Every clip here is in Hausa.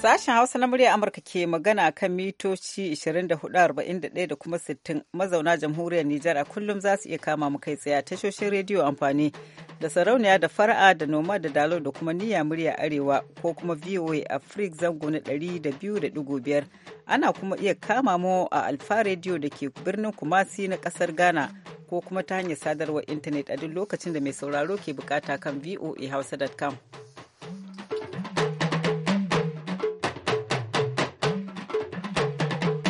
Sashen Hausa na murya Amurka ke magana kan mitoci 24,41 da kuma 60 mazauna jamhuriyar Nijar a kullum za su iya kama mu kai tsaye a tashoshin rediyo amfani da sarauniya da fara'a da noma da dalo da kuma niyya murya arewa ko kuma VOA a Africa zango na 200.5 ana kuma iya kama mu a Alfa rediyo da ke birnin Kumasi na kasar Ghana ko kuma ta hanyar sadarwar intanet a duk lokacin da mai sauraro ke bukata kan voahausa.com.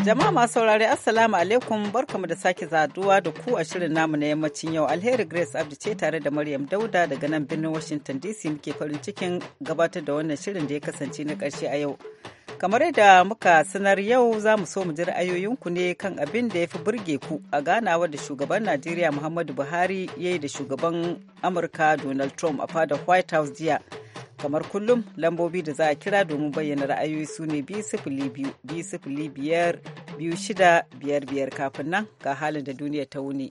Jama'a masu saurare Assalamu alaikum barkamu da sake zaduwa da ku a shirin namu na yammacin yau Alheri Grace Abdi ce tare da Maryam Dauda daga nan birnin Washington DC muke farin cikin gabatar da wannan shirin da ya kasance na ƙarshe a yau. Kamar yadda muka sanar yau za mu so mu ji ra'ayoyinku ne kan abin da ya fi burge ku a ganawa da shugaban Najeriya Muhammadu Buhari ya yi da shugaban Amurka Donald Trump a fadar White House jiya. kamar kullum lambobi da za a kira domin bayyana ra'ayoyi su ne biyar biyu shida biyar biyar kafin nan ga halin da duniya ta wuni.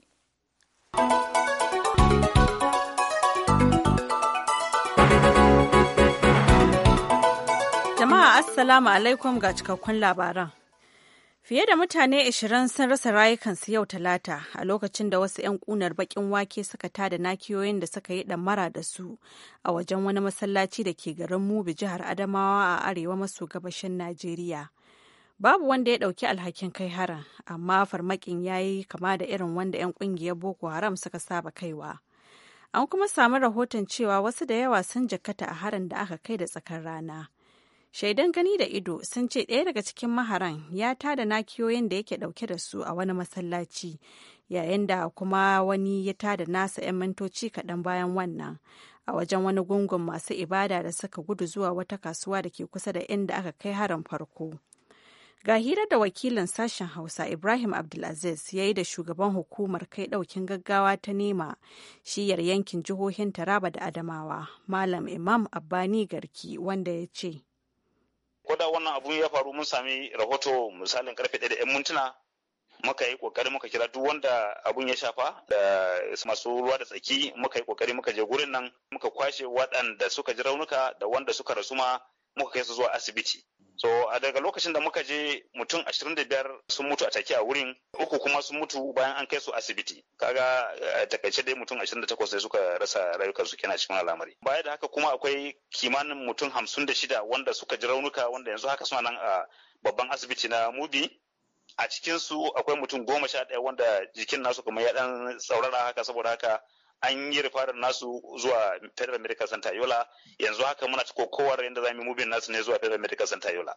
Jama'a Assalamu alaikum ga cikakkun labaran. Fiye da mutane 20 sun rasa rayukansu yau talata a lokacin da wasu 'yan kunar bakin wake suka tada nakiyoyin da suka yi damara da su a wajen wani masallaci da ke garin Mubi jihar Adamawa a arewa maso gabashin Najeriya. Babu wanda ya ɗauki alhakin kai harin, amma farmakin ya yi kama da irin wanda 'yan ƙungiyar Boko Haram suka saba kaiwa. An kuma samu rahoton cewa wasu da yawa sun jakata a harin da aka kai da tsakar rana. Shaidan gani da ido sun ce ɗaya daga cikin maharan ya tada nakiyoyin da yake ɗauke da su a wani masallaci, yayin da kuma wani ya tada nasa 'yan mintoci kaɗan bayan wannan a wajen wani gungun masu ibada da suka gudu zuwa wata kasuwa da ke kusa da inda aka kai harin farko. Ga hira da wakilin sashen Hausa Ibrahim Abdulaziz ya yi da shugaban hukumar kai ɗaukin gaggawa ta nema shiyar yankin jihohin Taraba da Adamawa, Malam Imam Abbani Garki, wanda ya ce. ko da wannan abun ya faru mun sami rahoto misalin karfe ɗaya da 'yan mintuna muka yi kokari muka kira duk wanda abun ya shafa da masu ruwa da tsaki muka yi kokari muka je gurin nan muka kwashe waɗanda suka ji raunuka da wanda suka rasuma muka kai su zuwa asibiti so a daga lokacin da muka je mutum 25 sun mutu a take a wurin uku kuma sun mutu bayan an kai su asibiti kaga eh, a takaice dai mutum 28 sai suka rasa rayukansu kina cikin al'amari baya da haka kuma akwai kimanin mutum 56 wanda suka ji raunuka wanda yanzu haka suna nan a babban asibiti na mubi a cikinsu akwai mutum goma sha ɗaya wanda jikin nasu kuma ya ɗan tsaurara haka saboda haka an yi rifarar nasu zuwa federal medical center yola yanzu haka muna ta kowar yadda zami mubin nasu ne zuwa federal medical center yola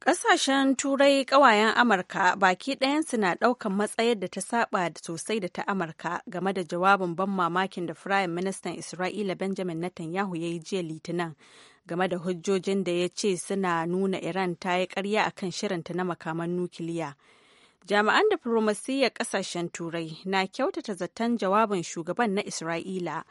Ƙasashen Turai ƙawayen Amurka baki ɗayansu na ɗaukan matsayar da ta saba sosai da ta Amurka game da jawabin ban mamakin da Firayim Ministan Isra'ila Benjamin Netanyahu ya yi jiya Litinin game da hujjojin da ya ce suna nuna Iran ta yi ƙarya akan shirinta na makaman nukiliya. Jami'an diflomasiyyar ƙasashen Turai na kyautata zaton jawabin shugaban na Isra'ila,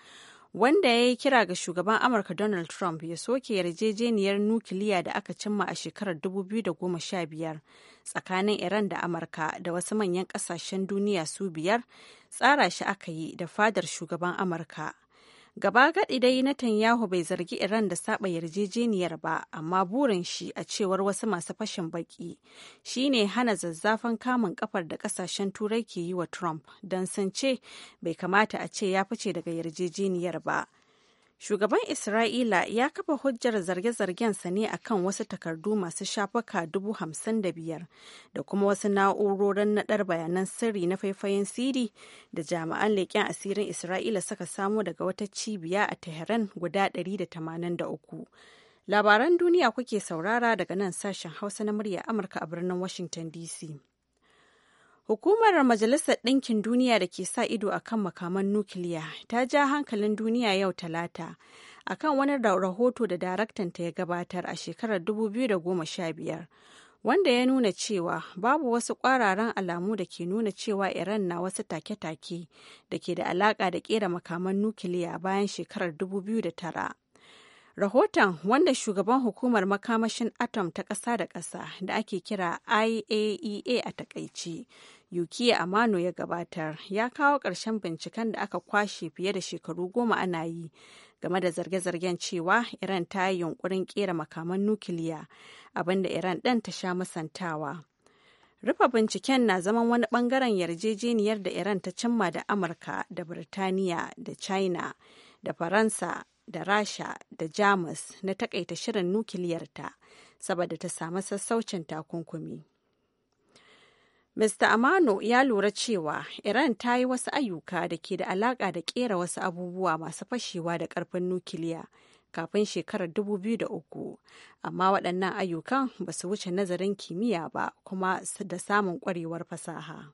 wanda ya yi kira ga shugaban Amurka Donald Trump ya soke yarjejeniyar nukiliya da aka cimma a shekarar 2015 tsakanin Iran da Amurka da wasu manyan ƙasashen duniya su biyar, tsara shi aka yi da fadar shugaban Amurka. Gaba gadi dai Netanyahu bai zargi Iran da saba yarjejeniyar ba, amma burin shi a cewar wasu masu fashin baki shine hana zazzafan kamun kafar da kasashen turai ke yi wa Trump don sun ce bai kamata a ce ya fice daga yarjejeniyar ba. Shugaban Isra'ila ya kafa hujjar zarge-zargensa ne a kan wasu takardu masu shafuka dubu hamsin da biyar da kuma wasu na'urorin naɗar bayanan sirri na faifayen siri da jami'an leƙen asirin Isra'ila suka samo daga wata cibiya a Tehran guda ɗari da da tamanin uku. Labaran duniya kuke saurara daga nan sashen Hausa na murya Amurka a birnin Washington DC. Hukumar Majalisar Ɗinkin Duniya da ke sa ido a kan makaman nukiliya ta ja hankalin duniya yau talata a kan wani rahoto da daraktan ta ya gabatar a shekarar 2015 wanda ya nuna cewa babu wasu ƙwararren alamu da ke nuna cewa Iran na wasu take-take da ke da alaƙa da ƙera makaman nukiliya bayan shekarar 2009. Rahoton wanda shugaban hukumar makamashin atom ta ƙasa da ƙasa da ake kira IAEA a e takaici. Yukiya Amano ya gabatar ya kawo ƙarshen binciken da aka kwashe fiye da shekaru goma ana yi game da zarge-zargen cewa Iran ta yi yunkurin ƙera makaman nukiliya abinda Iran ɗan ta sha masantawa. Rufe binciken na zaman wani ɓangaren yarjejeniyar da Iran ta cimma da Amurka da Birtaniya da China da Faransa da Rasha da Jamus na taƙaita shirin nukiliyarta saboda ta samu sassaucin takunkumi. Mr. Amano ya lura cewa Iran ta yi wasu ayyuka da ke da alaƙa da ƙera wasu abubuwa masu fashewa da ƙarfin nukiliya kafin shekarar 2003, amma waɗannan ayyukan ba su wuce nazarin kimiyya ba kuma da samun ƙwarewar fasaha.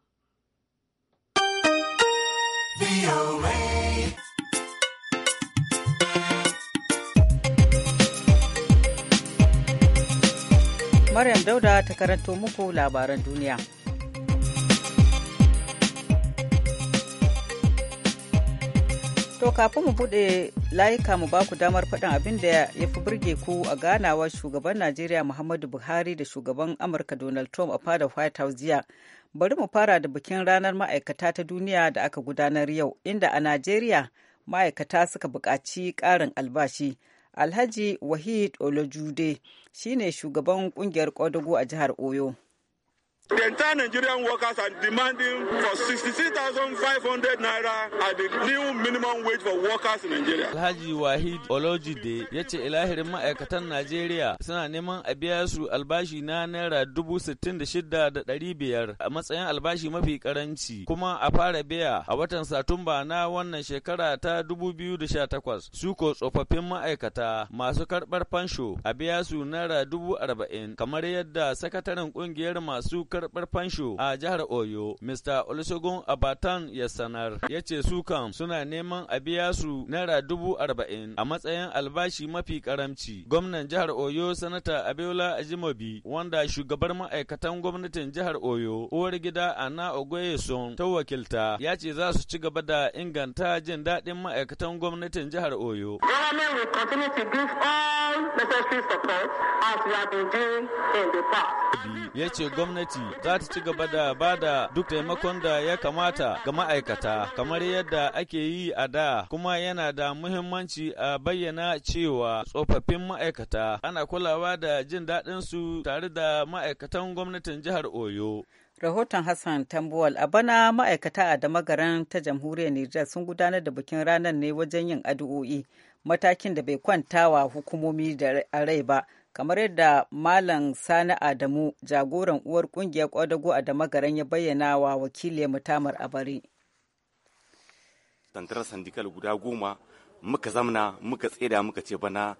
Maryam Dauda ta karanto muku labaran duniya. To kafin mu buɗe layuka mu baku damar faɗin abin da ya fi burge ku a ganawa shugaban Najeriya Muhammadu Buhari da shugaban Amurka Donald Trump a fadar White House jiya. Bari mu fara da bikin ranar ma'aikata ta duniya da aka gudanar yau, inda a Najeriya ma'aikata suka buƙaci ƙarin albashi. Alhaji Wahid Olojude shine shugaban ƙungiyar ƙwadago a jihar Oyo. The entire Nigerian workers are demanding for 66,500 naira at the new minimum wage for workers in Nigeria. Alhaji Wahid Olojide ya ce ilahirin ma'aikatan Najeriya suna neman a biya su albashi na naira dubu sittin da shida da ɗari biyar a matsayin albashi mafi karanci kuma a fara biya a watan Satumba na wannan shekara ta dubu biyu da sha takwas. Su ko tsofaffin ma'aikata masu karɓar fansho a biya su naira dubu arba'in kamar yadda sakataren ƙungiyar masu karɓar fansho a jihar Oyo, Mr. Olusegun Abatan ya sanar, ya ce su kam suna neman a biya su naira dubu arba'in a matsayin albashi mafi karamci. Gwamnan jihar Oyo, Sanata Abiola Ajimobi, wanda shugabar ma'aikatan gwamnatin jihar Oyo, uwar gida Ana Ogoyeson ta wakilta, ya ce za su ci gaba da inganta jin daɗin ma'aikatan gwamnatin jihar Oyo. Government gwamnati za ta ci gaba da ba da duk taimakon da ya kamata ga ma'aikata kamar yadda ake yi a da kuma yana da muhimmanci a bayyana cewa tsofaffin ma'aikata ana kulawa da jin daɗin su tare da ma'aikatan gwamnatin jihar Oyo. Rahoton Hassan Tambuwal a bana ma'aikata a damagaran ta jamhuriyar Nijar sun gudanar da bikin ranar ne wajen yin addu'o'i matakin da bai kwantawa hukumomi da rai ba. kamar yadda malam sani adamu jagoran uwar kungiyar kwadago a damagaran ya bayyana wa wakiliyar mutamar abari tantarar sandikal guda goma muka zamna muka tseda muka ce bana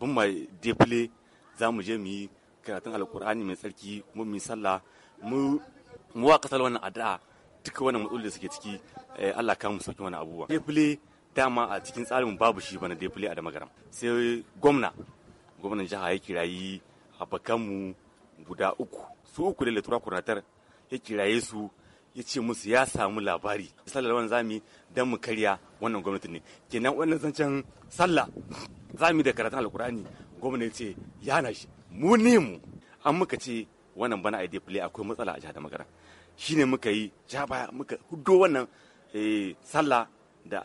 bin mai defile za mu je mu yi karatun alkur'ani mai tsarki mu mu sallah mu wa kasar wannan addu'a duka wannan matsalolin da suke ciki eh, Allah ka mu sauki wani abubuwa defile dama a cikin tsarin babu shi bana defile a damagaram sai gwamna gwamnan jiha ya kirayi abakanmu guda uku su uku da letura kurnatar ya kiraye su ya ce musu ya samu labari sallar wani zami don mu karya wannan gwamnati ne kenan wannan zancen sallah zami da karatun alkur'ani gwamnati ce ya na shi mu ne mu an muka ce wannan bana idea play akwai matsala a jihar da magana shine muka yi ja baya muka hudo wannan eh, sallah da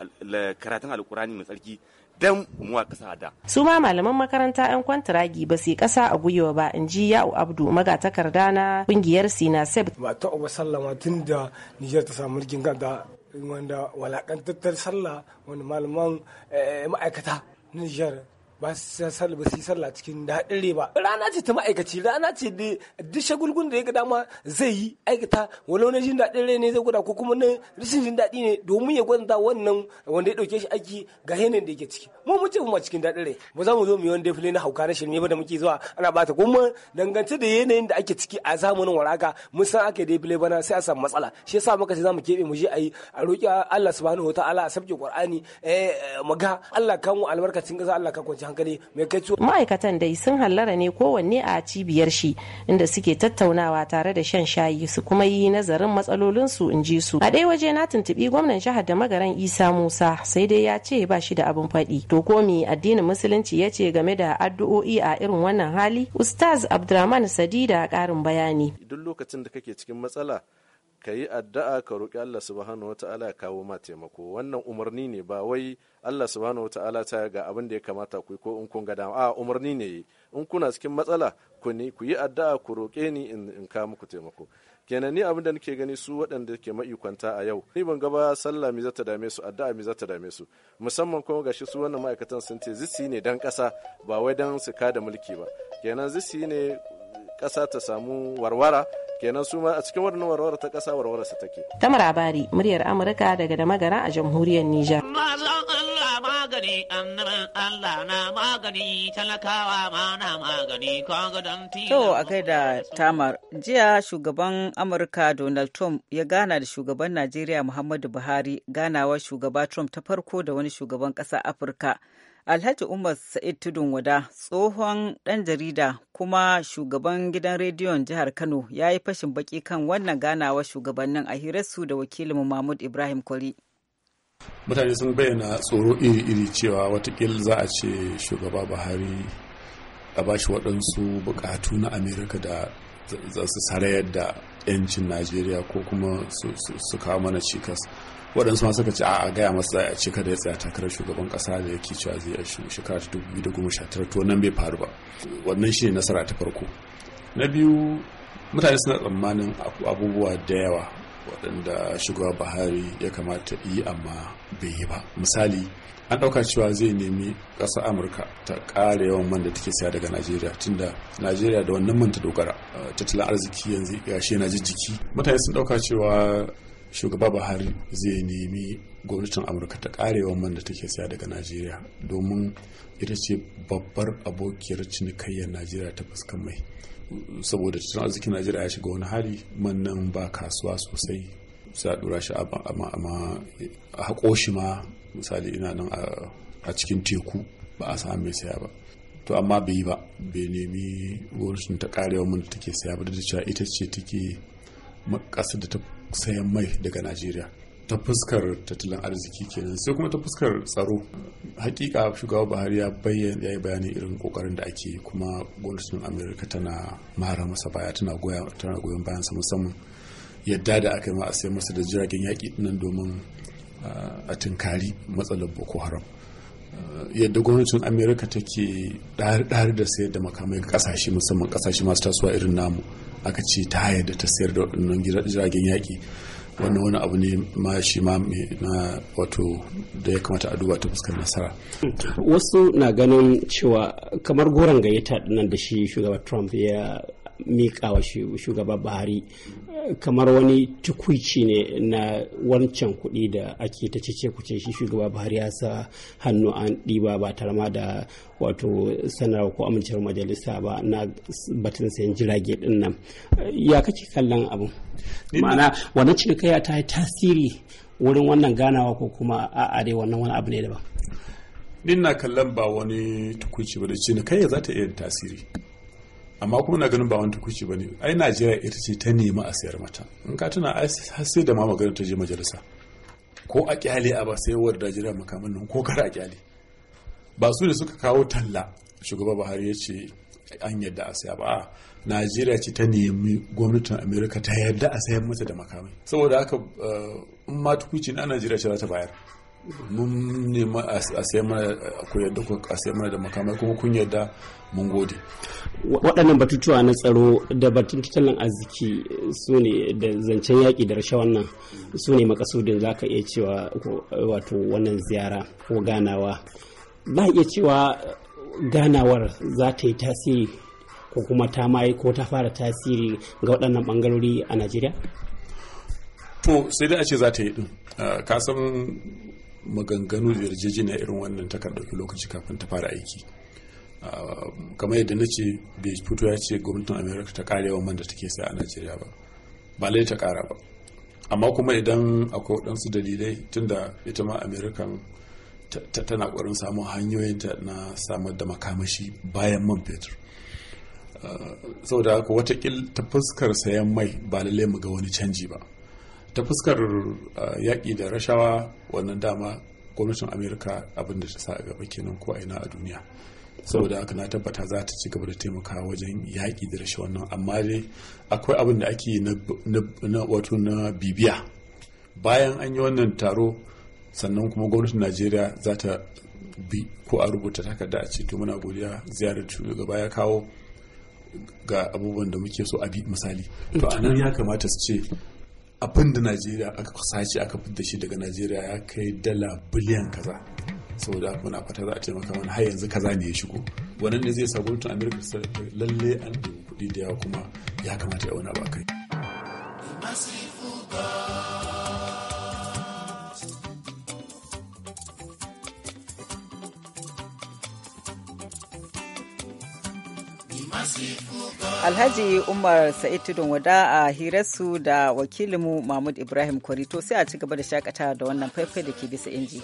karatun alkur'ani mai tsarki dan mu a da. Su ma malaman makaranta 'yan kwantiragi ba su ƙasa a gwiwa ba in ji Ya'u Abdu magatakarda na ƙungiyar Sinaseb. Ba ta uba ma tun da Nijar ta samu mulkin kanta wanda walakantattar sallah wani malaman eh, ma'aikata Nijar ba su sal ba su yi sallah cikin daɗin ba. rana ce ta ma'aikaci rana ce da duk shagulgun da ya ga dama zai yi aikata walau na jin daɗin rai ne zai gwada ko kuma na rashin jin daɗi ne domin ya gwada wannan wanda ya ɗauke shi aiki ga yanayin da yake ciki mu mun ce mu cikin daɗin rai ba za mu zo mu yi wani defile na hauka na shirme ba da muke zuwa ana bata kuma dangance da yanayin da ake ciki a zamanin waraka mun san aka defile bana sai a samu matsala shi yasa muka ce za mu keɓe mu je a yi a roƙi Allah subhanahu wa ta'ala a sabke Qur'ani eh maga Allah kan mu albarkacin ƙasa Allah kan kwanci hankali mai kai ma'aikatan dai sun hallara ne kowanne a cibiyar shi inda suke tattaunawa tare da shan shayi su kuma yi nazarin matsalolin su in ji su a ɗaya waje na tuntuɓi gwamnan jihar da magaran isa musa sai dai ya ce ba shi da abin faɗi to ko me addinin musulunci ya ce game da addu'o'i a irin wannan hali ustaz abdulrahman sadida ƙarin bayani duk lokacin da kake cikin matsala ka yi addu'a ka roƙi Allah subhanahu wa ta'ala ya kawo ma taimako wannan umarni ne ba wai Allah subhanahu wa ta'ala ta ga abin da ya kamata ku ko in kun ga dama a umarni ne in kuna cikin matsala ku ne ku yi addu'a ku roƙe ni in ka muku taimako kenan ni abin da nake gani su waɗanda ke ma'ikwanta a yau ni ban ga ba sallah mi zata dame su addu'a mi zata dame su musamman kuma gashi su wannan ma'aikatan sun ce zisi ne dan ƙasa ba wai dan su da mulki ba kenan zisi ne ƙasa ta samu warwara kenan su ma a cikin wannan warware ta kasa warware su take tamar marabari muryar amurka daga da magana a jamhuriyar allah magani annaban Allah na magani talakawa ma na magani To a gaida Tamar, jiya shugaban Amurka Donald Trump ya gana da shugaban Najeriya Muhammadu Buhari ganawa shugaba Trump ta farko da wani shugaban kasa Afirka. Alhaji Umar Sa'id Tudun Wada tsohon ɗan jarida kuma shugaban gidan rediyon jihar Kano ya yi fashin baki kan wannan ganawa shugabannin a hirarsu da wakilin Mahmud Ibrahim Kwari. Mutane sun bayyana tsoro iri-iri cewa watakil za a ce shugaba Buhari a bashi waɗansu buƙatu na Amerika da za su sarayar da 'yancin Najeriya ko kuma su kawo mana cikas. waɗansu ma suka ce a gaya masa a ce kada ya tsaya takarar shugaban ƙasa da yake cewa zai yi shekara ta dubu da goma sha tara to nan bai faru ba wannan shine nasara ta farko na biyu mutane suna tsammanin abubuwa da yawa waɗanda shugaba buhari ya kamata yi amma bai yi ba misali an ɗauka cewa zai nemi ƙasa amurka ta ƙara yawan man da take saya daga najeriya tunda najeriya da wannan man ta dogara tattalin arziki yanzu shi na jijjiki mutane sun ɗauka cewa shugaba buhari zai nemi gwamnatin amurka ta karewa man da take siya daga najeriya domin ita ce babbar abokiyar cinikayyar najeriya ta fuskan mai saboda cikin arzikin najeriya ya shiga wani hali man nan ba kasuwa sosai sai a dura shi a haƙo shi ma misali ina nan a cikin teku ba a samu mai saya ba to amma bai yi ba bai nemi gwamnatin ta karewa man da take siya ba da cewa ita ce take ƙasar da ta sayan mai daga najeriya ta fuskar tattalin arziki kenan sai kuma ta fuskar tsaro hakika shugaba buhari ya bayyana ya yi bayani irin kokarin da ake kuma gwamnatin amerika tana mara masa baya tana goyon bayan sa musamman yadda da aka yi ma a sayar masa da jiragen yaƙi nan domin ah, a tunkari matsalar boko haram yadda gwamnatin amerika take ɗari da sayar da makamai ga kasashe musamman kasashe masu tasowa irin namu aka ce ta da ta sayar da waɗannan jiragen yaƙi wannan wani abu ne ma shi ma na wato da ya kamata a duba ta fuskar nasara wasu na ganin cewa kamar goron gayyata nan da shi shugaba trump ya miƙa wa shugaba buhari kamar wani tukuici ne na wancan kuɗi da ake ta cece kuce shi shugaba buhari ya sa hannu an ɗiba ba ma da wato sanarwa ko amincewar majalisa ba na batun sayan jirage ɗin nan ya kake kallon abu ma'ana wannan cinikayya ta yi tasiri wurin wannan ganawa ko kuma a arewa wannan wani abu ne daban din na kallon ba wani tukuici ba da cinikayya za ta iya tasiri amma kuma na ganin ba wani tukuci ba ne ai najeriya ita ce ta nemi a sayar mata in ka tuna har sai da ma magana ta je majalisa ko a kyale a ba sai wa najeriya makamin nan ko kar a kyale ba su ne suka kawo talla shugaba buhari ya ce an yadda a saya ba a najeriya ce ta nemi gwamnatin amerika ta yadda a sayar mata da makamai saboda haka eh, in ma tukuci na najeriya ce za ta bayar mun nema a sai mana ku yadda a sai mana da makamai kuma kun yadda mun gode waɗannan batutuwa na tsaro da batun tattalin arziki su ne da zancen yaƙi da rashawan nan su ne makasudin za ka iya cewa wato wannan ziyara ko ganawa ba iya cewa ganawar za ta yi tasiri ko kuma ta mai ko ta fara tasiri ga waɗannan ɓangarori a najeriya to sai dai a ce za ta yi din ah, maganganu da yarjejeniya irin wannan ta kan ɗauki lokaci kafin ta fara aiki ah, kamar yadda na ce bai fito ya ce gwamnatin america ta ƙara yawan man da take sa a najeriya ba ba lai ta ƙara ba amma kuma idan akwai waɗansu dalilai tunda ita ma america tana ƙwarin samun hanyoyin ta na samar da makamashi bayan man fetur ah, saboda haka watakil ta fuskar sayan mai ba lallai mu ga wani canji ba ta fuskar yaƙi da rashawa wannan dama gwamnatin amerika abin da ta sa a gaba kenan ko ina a duniya saboda haka na tabbata za ta ci gaba da taimakawa wajen yaƙi da rashawa wannan amma dai akwai abin da ake na wato na bibiya bayan an yi wannan taro sannan kuma gwamnatin najeriya za ta bi ko a rubuta takarda a ce to muna godiya ziyarar shugaba ya kawo ga abubuwan da muke so a bi misali to a nan ya kamata su ce abin da najeriya aka sace aka da shi daga najeriya ya kai dala biliyan kaza saboda muna fata za a taimaka maka har yanzu kaza ne ya shigo wannan ne zai sa gwamnatin amerika ta lalle an ɗebi kuɗi da yawa kuma ya kamata ya wani abu kai Alhaji Umar Sa'id Tudun Wada a hirarsu da wakilinmu Mahmud Ibrahim Korito sai a ci gaba da shakata da wannan faifai da ke bisa inji.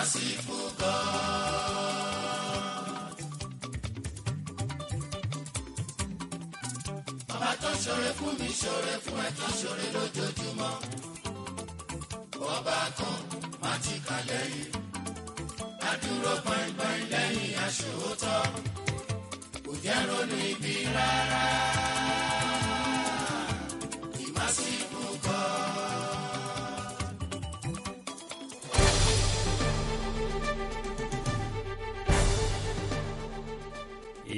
merciful God. Bàbá tó ṣoore fún mi ṣoore fún ẹ tó ṣoore lójoojúmọ́. Ọba kan má ti kà lẹ́yìn. Adúró gbọ̀ngbọ̀n lẹ́yìn aṣòótọ́. Kò jẹ́ ronú ibi rárá.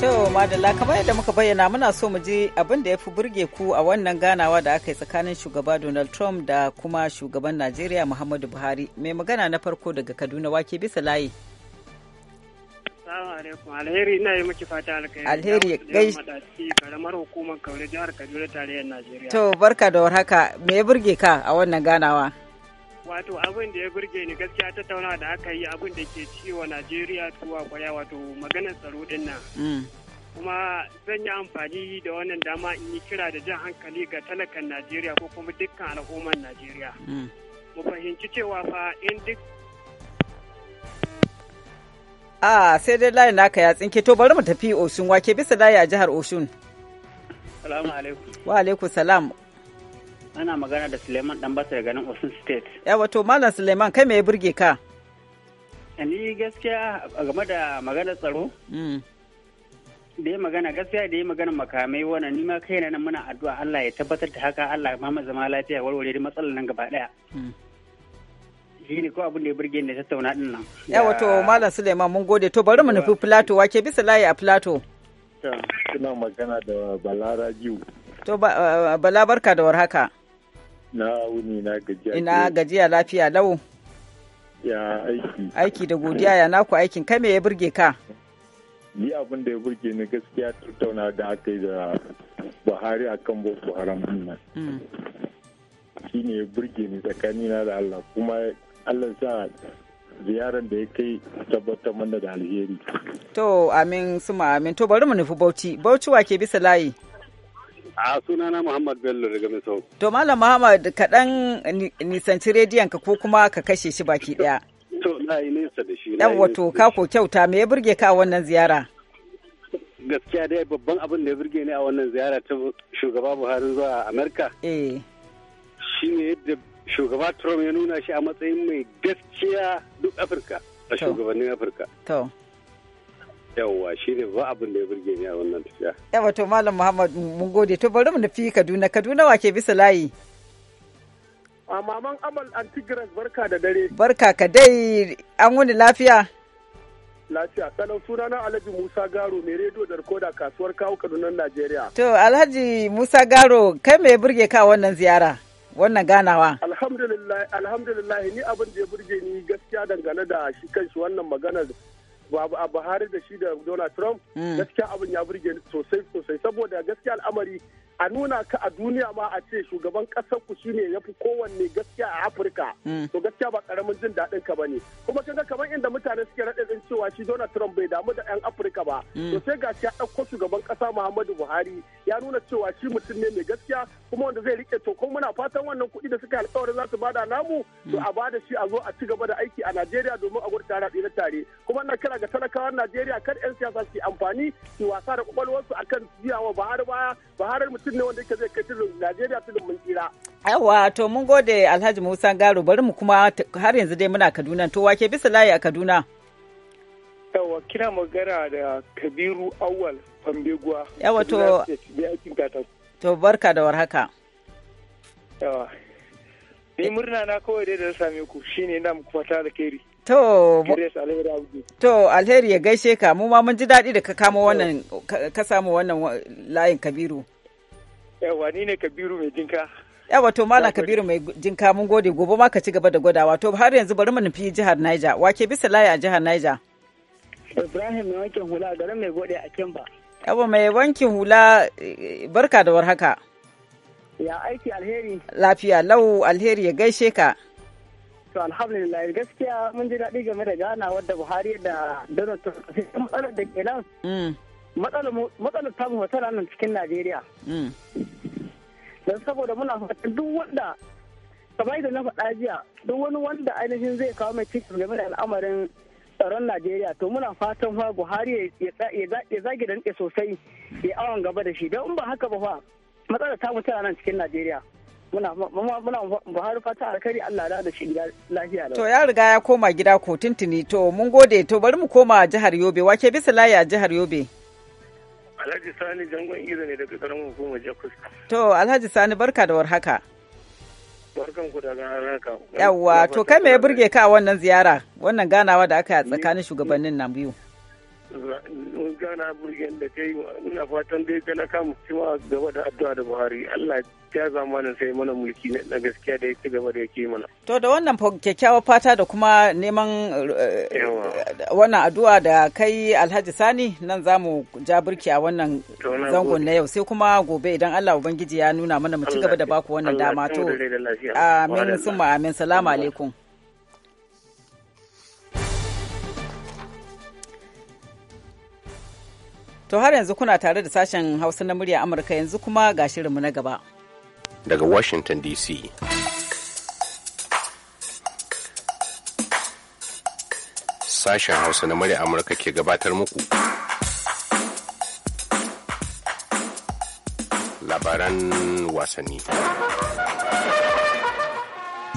To Madalla kamar yadda muka bayyana muna so mu ji abin da ya fi burge ku a wannan ganawa da aka yi tsakanin shugaba Donald Trump da kuma shugaban Najeriya Muhammadu Buhari. Mai magana na farko daga Kaduna wake bisa layi. alheri ina yi miki fata alkhairi. Alheri gai. Karamar hukumar Kaure jihar Kaduna tarayyar Najeriya. To barka da warhaka me ya burge ka a wannan ganawa? wato abin da ya burge ni gaskiya ta tauna da aka yi abin da ke ciwo najeriya tuwa kwaya wato maganar tsaro din nan mm. kuma zan yi amfani da wannan dama in yi kira da jan hankali ga talakan najeriya ko kuma dukkan al'ummar najeriya mm. mu fahimci cewa fa in duk a sai dai layin naka ya tsinke to bari mu tafi osun wake bisa layi a jihar osun salamu alaikum wa alaikum salam ana magana da suleiman ɗanbasa daga nan osun state yawa to malam suleiman kai mai burge ka eh, ni gaskiya game da maganar tsaro mm. da ya magana gaskiya da ya magana makamai wannan nima kai na nan muna addu'a Allah ya tabbatar da haka Allah ya mu zama lafiya warware da matsalar nan gaba daya mm. shi ko abin da ya burge ne tattauna din nan ya wato malam Suleiman mun gode to bari mu nufi Plato wake bisa layi a Plato to kina magana da Bala Rajiu to eh, Bala barka da warhaka Na wuni na gajiya. Ina gajiya lafiya lau. Ya aiki. Aiki da godiya ya naku aikin kai ya burge ka? Ni abin da ya burge ni gaskiya tattauna da aka yi da Buhari akan Boko Haram nan. Hmm. Shi ne ya burge ni tsakanina da Allah kuma Allah sa ziyarar da ya kai tabbatar mana da alheri. To amin suma amin to bari mu nufi Bauchi. Bauchi wa ke bisa layi? A sunana Muhammad Bello daga Misau. To Malam Muhammad kaɗan nisanci rediyon ka ko kuma ka kashe shi baki ɗaya. To na yi nesa da shi. Yan wato ka ko kyauta me ya burge ka wannan ziyara? Gaskiya dai babban abin da ya burge ni a wannan ziyara ta shugaba Buhari zuwa Amerika. Eh. Shi ne yadda shugaba Trump ya nuna shi a matsayin mai gaskiya duk Afirka a shugabannin Afirka. To. yawwa shi ne ba abin da ya burge ni a wannan tafiya yawa to malam muhammad mun gode to bari mu nufi kaduna kaduna wa ke bisa layi a maman amal antigras barka da dare barka ka dai an wuni lafiya lafiya salau sunana alhaji musa garo mai rediyo da rikoda kasuwar kawo kaduna najeriya to alhaji musa garo kai mai burge ka wannan ziyara wannan ganawa alhamdulillah alhamdulillah ni abin da ya burge ni gaskiya dangane da shi kanshi wannan maganar babu a Buhari da shi da Donald Trump mm. gaskiya abin ya burge ni sosai sosai saboda gaskiya al'amari a nuna ka a duniya ma a ce shugaban ƙasar ku shine ya fi kowanne gaskiya a afirka mm. to gaskiya ba karamin jin daɗin ka bane kuma kaga kamar inda mutane suke raɗaɗin cewa shi donald trump bai damu da 'yan afirka ba mm. to sai ga ya ɗauko shugaban ƙasa muhammadu buhari ya nuna cewa shi mutum ne mai gaskiya kuma wanda zai rike to kuma muna fatan wannan kuɗi da suka alƙawarin za su bada namu to mm. a bada shi a zo a ci gaba da aiki a najeriya domin a gudu tare na tare kuma na kira ga talakawan najeriya kar 'yan siyasa su amfani su wasa da kwakwalwarsu akan jiyawa bahar baya baharar mutum mutum ne wanda yake zai kai tudun Najeriya tudun mun tsira. Yawa to mun gode Alhaji Musa Garo bari mu kuma har yanzu dai muna Kaduna to wake bisa layi a Kaduna. Yawa kina magana da Kabiru Awal Fambeguwa. Yawa to To barka da warhaka. Yawa. Ni eh. murna na kawai dai da na same ku shine na muku fata da keri. To, to alheri ya gaishe ka mu ma mun ji daɗi da ka kamo wannan ka samu wannan layin Kabiru. yawa ni ne kabiru mai jinka yawa to malam kabiru mai jinka mun gode gobe ma ka ci gaba da gwadawa to har yanzu bari mu nufi jihar niger wake bisa layi a jihar niger ibrahim mai wankin hula garin mai gode a ba yawa mai wankin hula eh, barka da warhaka ya aiki alheri lafiya lau alheri ya gaishe ka to alhamdulillah gaskiya mun ji daɗi game da gana wadda buhari da donald trump matsalar da ke nan mm. matsalar tamu matsala nan cikin najeriya mm. don saboda muna fatan duk wanda kamar da na faɗa jiya duk wani wanda ainihin zai kawo mai cikin game da al'amarin tsaron najeriya to muna fatan fa buhari ya zage da nke sosai ya awon gaba da shi don in ba haka ba fa matsalar tamu tana nan cikin najeriya muna buhari fata alkhairi Allah da da shi lafiya to ya riga ya koma gida ko tuntuni to mun gode to bari mu koma jihar yobe wake bisa layi a jihar yobe Alhaji Sani jangon Iza ne daga karamin hukumar Jakus. To Alhaji Sani barka da warhaka. Barkan ku da haka. Yawwa to kai me ya burge ka wannan ziyara wannan ganawa da aka yi tsakanin shugabannin nan biyu. Gana burgen da ta yi ina fatan dai ta na kama cewa gaba da addu'a da Buhari Allah gaskiya zamanin sai mana mulki na gaskiya da ya ci gaba da yake mana. To da wannan kyakkyawar fata da kuma neman eh, wannan addu'a da kai Alhaji Sani nan za mu ja birki a wannan zangon na yau sai kuma gobe idan Allah Ubangiji ya nuna mana mu ci gaba da baku wannan dama to. Amin summa amin salamu alaikum. To har yanzu kuna tare da sashen Hausa na murya Amurka yanzu kuma ga shirinmu na gaba. daga Washington DC. Sashen Hausa na murya Amurka ke gabatar muku. Labaran wasanni.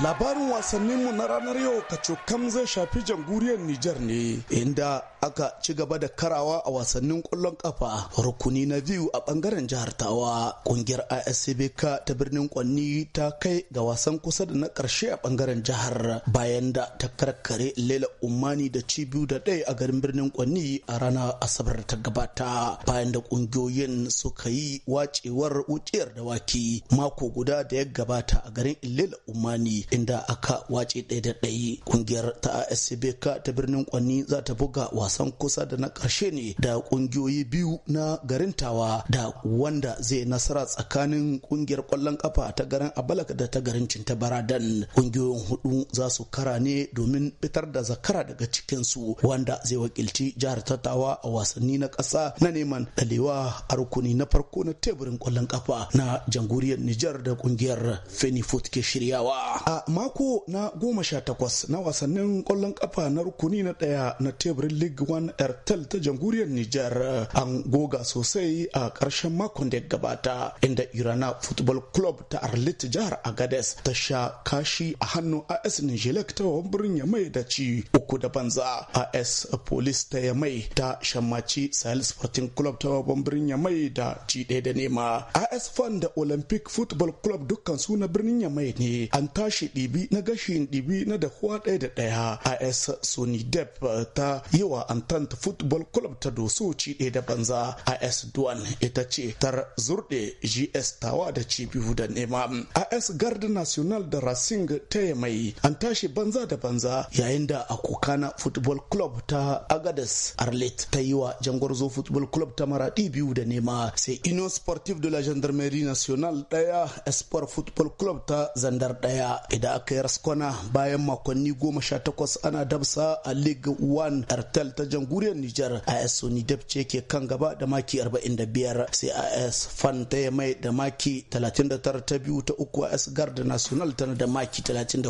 Labarin wasanninmu na ranar yau kacokam zai shafi jamhuriyar Nijar ne, inda aka ci gaba da karawa a wasannin kwallon kafa rukuni na biyu a bangaren jihar tawa kungiyar ISCBK ta birnin kwanni ta kai ga wasan kusa da na karshe a bangaren jihar bayan da ta karkare lela umani da cibiyu biyu da ɗaya a garin birnin kwanni a ranar asabar ta gabata bayan da kungiyoyin suka yi wacewar wuciyar da waki mako guda da ya gabata a garin lela umani inda aka wace ɗaya da ɗaya kungiyar ta ISCBK ta birnin kwanni za ta buga wasan wasan kusa da na ƙarshe ne da ƙungiyoyi biyu na garintawa da wanda zai nasara tsakanin ƙungiyar ƙwallon ƙafa ta garin abalak da ta garin cintabara dan ƙungiyoyin hudu za su kara ne domin fitar da zakara daga cikinsu wanda zai wakilci jihar tattawa a wasanni na ƙasa na neman ɗalewa a rukuni na farko na teburin ƙwallon ƙafa na jamhuriyar Nijar da ƙungiyar Fenifut ke shiryawa. A mako na goma sha takwas na wasannin ƙwallon ƙafa na rukuni na ɗaya na teburin lig. 1rtel ta jamhuriyar Nijar an goga sosai a ƙarshen makon da ya gabata inda Irana Football Club ta Arlit jihar Agades ta sha kashi a hannun AS Nijilek ta birnin Yamai da ci uku da banza AS Police ta Yamai ta shammaci Sahel Sporting Club ta birnin Yamai da ci ɗaya da nema. AS Fan da Olympic Football Club dukkan su na birnin Yamai ne an tashi ɗibi na gashin ɗibi na da ɗaya da ɗaya AS Sony Dep ta yi wa antanta Football Club ta doso ci ɗaya da banza AS Duan ita ce tar zurɗe GS Tawa da ci biyu da nema. AS Garde National da Racing ta mai an tashi banza da banza yayin da a Akokana Football Club ta Agadas Arlet ta yi wa Jangwarzo Football Club ta maraɗi biyu da nema sai ino Sportive de la Gendarmerie Nationale ɗaya Espoir Football Club ta Zandar ɗaya idan aka yi raskwana bayan makonni goma sha takwas ana dabsa a League One RTL ta ta jamhuriyar Nijar AS Sony dabce ke kan gaba da maki 45 sai AS Fan ta mai da maki 39 ta biyu ta uku AS Garda National tana da maki 34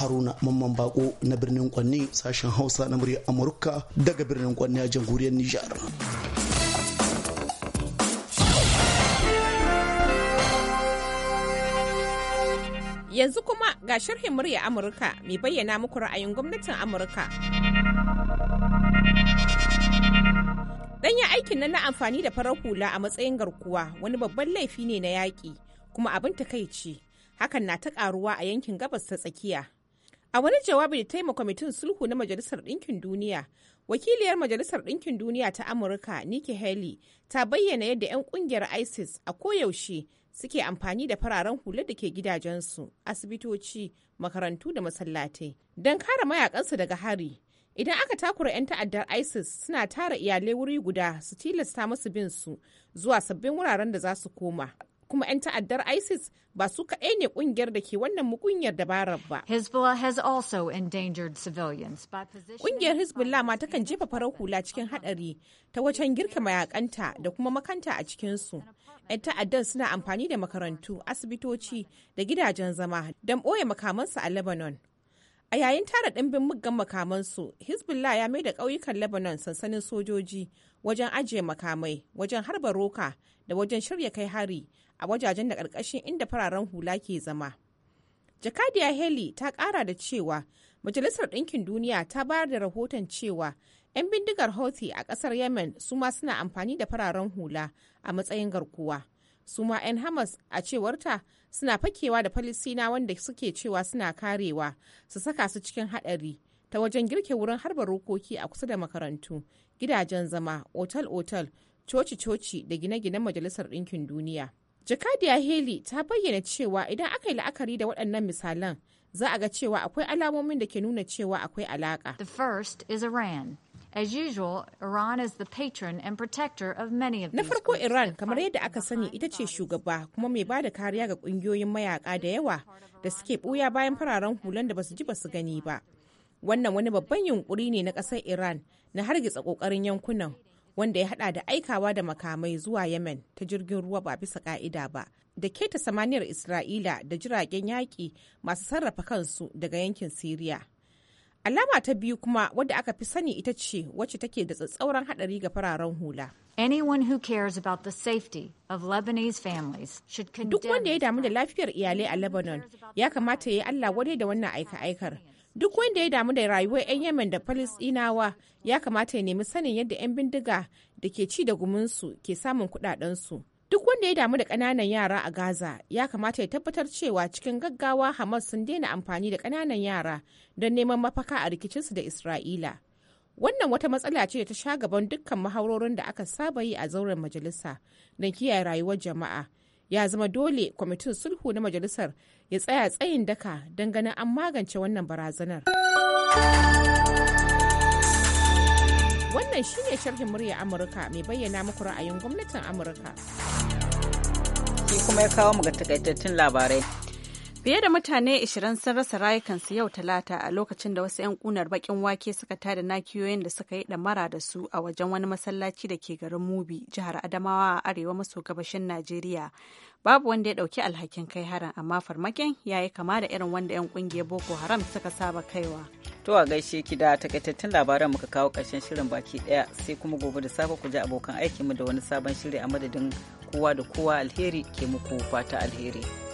Haruna Mamman Bako na birnin Kwanni sashen Hausa na murya Amurka daga birnin Kwanni a jamhuriyar Nijar. Yanzu kuma ga sharhin murya Amurka mai bayyana muku ra'ayin gwamnatin Amurka. Dan ya aikin nan na amfani da farar hula a matsayin garkuwa wani babban laifi ne na yaƙi kuma abin takaici hakan na ta ƙaruwa a yankin gabas ta tsakiya. A wani jawabi da taima kwamitin sulhu na Majalisar Ɗinkin Duniya, wakiliyar Majalisar Ɗinkin Duniya ta Amurka Nikki Haley ta bayyana yadda 'yan ƙungiyar ISIS a koyaushe suke amfani da fararen hula da ke gidajensu, asibitoci, makarantu da masallatai don kare mayakansu daga hari Idan aka takura 'yan ta'addar ISIS suna tara iyalai wuri guda su tilasta musu bin su zuwa sabbin wuraren da za su koma. kuma 'yan ta'addar ISIS ba su kaɗai ne ƙungiyar da ke wannan mukunyar dabarar ba. Hezbollah has also endangered civilians Ƙungiyar Hezbollah ma takan jefa farar hula cikin haɗari ta wajen girka mayakanta da kuma makanta a cikinsu. 'Yan ta'addar suna amfani da makarantu, asibitoci da gidajen zama don ɓoye makamansu a Lebanon. A yayin tara ɗimbin muggan makamansu, Hezbollah ya mai da ƙauyukan Lebanon sansanin sojoji wajen ajiye makamai, wajen harba roka da wajen shirya kai hari a wajajen da ƙarƙashin inda fararen hula ke zama. Jakadiya Haley ta ƙara da cewa Majalisar Ɗinkin Duniya ta bayar da rahoton cewa 'yan bindigar Houthi a ƙasar Yemen su ma suna amfani da fararen hula a matsayin garkuwa. su ma 'yan hamas a cewarta suna fakewa da falisina wanda suke cewa suna karewa su saka su cikin haɗari ta wajen girke wurin harba rokoki a kusa da makarantu gidajen zama otal-otal coci-coci da gine-ginen majalisar ɗinkin duniya jakadiya heli ta bayyana cewa idan aka yi la'akari da waɗannan misalan za a ga cewa akwai alamomin da ke nuna cewa akwai alaƙa. The first is Iran. as iran is the patron and of Na farko Iran kamar yadda aka sani ita ce shugaba kuma mai bada kariya ga kungiyoyin mayaka da yawa da suke buya bayan fararen hulan da basu ji basu gani ba. Wannan wani babban yunkuri ne na ƙasar Iran na hargitsa ƙoƙarin yankunan wanda ya hada da aikawa da makamai zuwa Yemen ta jirgin ruwa ba bisa ka'ida ba da keta samaniyar Isra'ila da jiragen yaƙi masu sarrafa kansu daga yankin Siriya. Alama ta biyu kuma wadda aka fi sani ita ce wacce take da tsatsauran hadari ga fararen hula. Anyone who cares about the safety of Lebanese families should Duk wanda ya damu da lafiyar iyalai a Lebanon ya kamata ya yi Allah wadai da wannan aika-aikar. Duk wanda ya damu da rayuwar 'yan Yemen da Falisdinawa ya kamata ya nemi sanin yadda 'yan bindiga da ke ci da su ke samun su. Duk wanda ya damu da ƙananan yara a Gaza ya kamata ya tabbatar cewa cikin gaggawa Hamas sun daina amfani da ƙananan yara don neman mafaka a rikicinsu da Isra'ila. Wannan wata matsala ce ta sha gaban dukkan mahaurorin da aka saba yi a zauren majalisa don kiyaye rayuwar jama'a. Ya zama dole kwamitin sulhu na majalisar ya tsaya tsayin daka don ganin an magance wannan barazanar. Wannan shine sharhin murya Amurka mai bayyana muku ra'ayin gwamnatin Amurka. Shi kuma ya kawo mu ga takaitattun labarai. Fiye da mutane 20 sun rasa rayukansu yau talata a lokacin da wasu 'yan kunar bakin wake suka tada nakiyoyin da suka yi damara da su a wajen wani masallaci da ke garin Mubi, jihar Adamawa a arewa maso gabashin Najeriya. Babu wanda ya dauki alhakin kai harin amma farmakin ya yi kama da irin wanda 'yan kungiyar Boko Haram suka saba kaiwa. To a gaishe ki da takaitattun labaran muka kawo karshen shirin baki ɗaya sai kuma gobe da safe ku ji abokan aikinmu da wani sabon shiri a madadin kowa da kowa alheri ke muku fata alheri.